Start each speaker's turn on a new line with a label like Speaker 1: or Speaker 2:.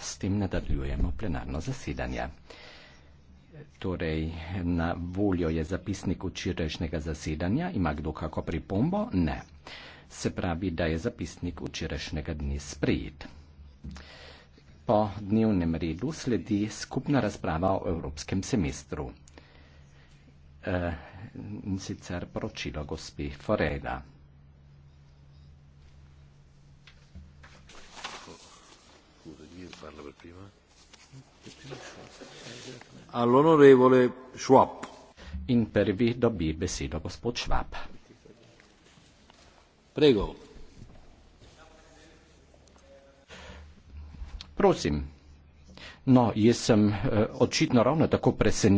Speaker 1: S tem nadaljujemo plenarno zasedanje. Torej, na voljo je zapisnik včerajšnjega zasedanja. Ima kdo kako pripombo? Ne. Se pravi, da je zapisnik včerajšnjega dne sprejet. Po dnevnem redu sledi skupna razprava o evropskem semestru. E, in sicer poročilo gospe Foreda. all'onorevole Schwab. In prvi dobi besedo gospod Schwab. Prego. Prosim. No, jaz sem eh, očitno ravno tako presenečen.